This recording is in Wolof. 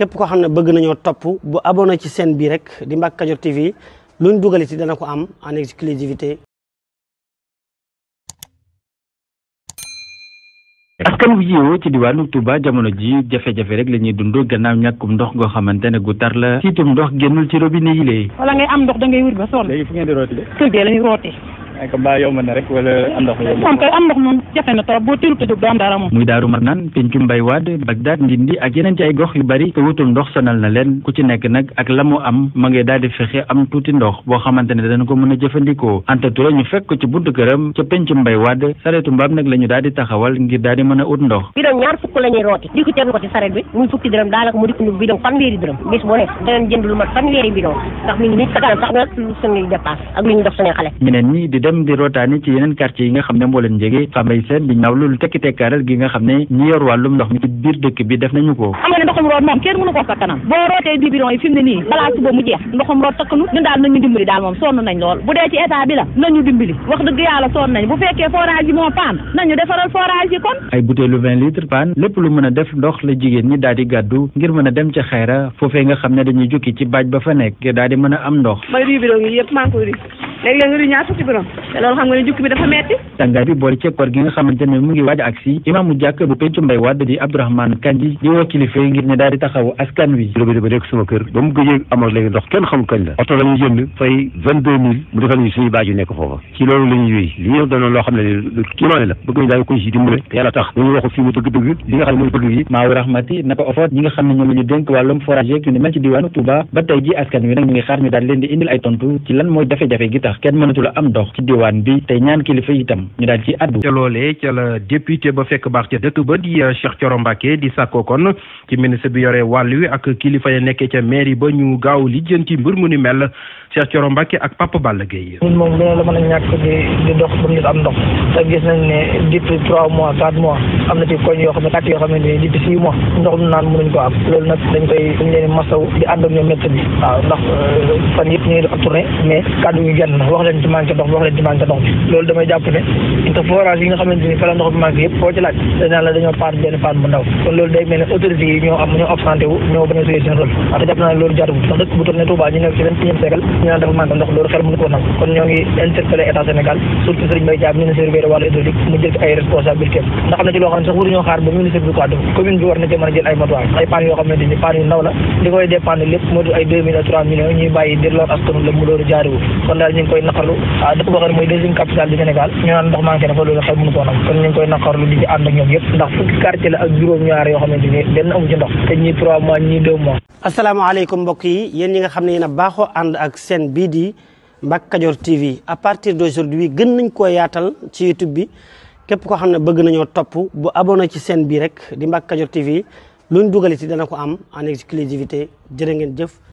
képp koo xam ne bëgg nañoo topp bu abonné ci chaîne bi rek di Mbacke Kadior TV luñ dugal ci dana ko am en exclusivité askan wi yeewoo ci diwaanu Touba jamono ji jafe-jafe rek lañuy ñuy dund gannaaw ñàkkum ndox goo xamante ne gu tar la siitum ndox génnul ci robinet yi lee wala ngay am ndox da ngay ba sonn léegi fu ak mbaa yomb na rek wala am ndox am ndox moom jafe na trop boo tëruta jóg doo am dara moom muy daaru marnaan pencum mbay waad Bagdad ndindi ak yeneen ci ay gox yu bari te wutul ndox sonal na leen ku ci nekk nag ak la mu am ma ngay daal fexe am tuuti ndox boo xamante ne dana ko mën a jëfandikoo Anta Touré fekk ko ci buntu këram ca pencum mbay waad sareetu mbaam nag la ñu taxawal ngir daal di a ut ndox bidon ñaar fukk la ñuy rooti mu ne danañ jënd dem di rootaani ci yeneen quartier yi nga xam ne moo leen jege Fambaye bi di ñaaw loolu tekki tekkaaral gi nga xam ne ñi yor wàllum ndox mi ci biir dëkk bi def nañu ko xam nga ne ndoxum root moom kenn mënu ko sa boo rootee bi yi fi ne nii balaa suba mu jeex ndoxum root takkanu ñun daal nañu dimbali daal moom sonn nañ lool bu dee ci état bi la nañu dimbali wax dëgg yàlla sonn nañ bu fekkee forage yi moo paan nañu defaral forage yi lépp lu mën a def ndox la jigéen ñi daal di gàddu ngir mën a dem ca xayra foofee nga xam ne dañuy jukki ci baaj ba fa nekk ngir daal di mën a am ndox léeg-léeg nga di ñaar fukki dërëm te loolu xam nga ne jukki bi dafa metti tàngaay bi boole ci gi nga xamante ne mu ngi waaj aksi imaamu jàkk bu pencu mbay di Abdourahmane Kandji di woo kilifa yi ngir ne daal di taxawu askan wi lobé ba nekk sama kër ba mu gëjee amal léegi ndox kenn xamul kañ la oto la jënd fay vingt deux mille mu defal ñu suñuy baaju nekk foofa ci loolu la ñuy li ñu doonoon loo xam ne lu kiimaane la bëgg ñu daal ko ci dimbale te yàlla tax lan mooy jafe tax kenn mënatul a am ndox ci diwaan bi tey ñaan kilifa itam ñu daal ci addu ca loolee ca la député ba fekk baax ca dëkk ba di euh, Cheikh Thioro Mbacké di sàkko kon ci ministre bi yore wàll wi ak kilifa ya nekkee ca mairie ba ñu gaaw li jëm ci mbir mu ni mel Cheikh Thioro Mbacké ak Papa Balla Gueye ñun moom loolu la a ñàkk di di dox ba nit am ndox te gis nañ ne depuis trois mois quatre mois am na ci koñ yoo xam ne at yoo xam ne depuis six mois ndox mu naan mënuñ ko di ànd ak bi waaw ndax euh, fan yëpp ñu ngi tournée mais kàddu gi genn ndox wax leen ci manqué ndox wax leen ci manqué ndox ndox bi ne autorité yi ay responsabilités ndax xam ne sax waruñoo yu ndaw la li koy dépendre lépp moo loolu jaariwu kon daal ñu koy naqarlu ah dëkk boo xam mooy deuxième capitale du Sénégal ñu naan ndox manqué na fa loolu xel mënu koo nangu kon ñu koy naqarlu di ci ànd ñoom yëpp ndax fukki quartier la ak juróom-ñaar yoo xamante ni benn amu ci ndox te ñii trois mois ñii yi ñi nga xam ne yéen a baaxoo ànd ak seen bii di Mbacke Kadior TV à partir d'aujourd'hui gën nañ koo yaatal ci YouTube bi képp koo xam ne bëgg nañoo topp bu abonné ci seen bii rek di Mbacke Kadior TV luñ dugal ci dana ko am en exclusivité jërë ngeen jëf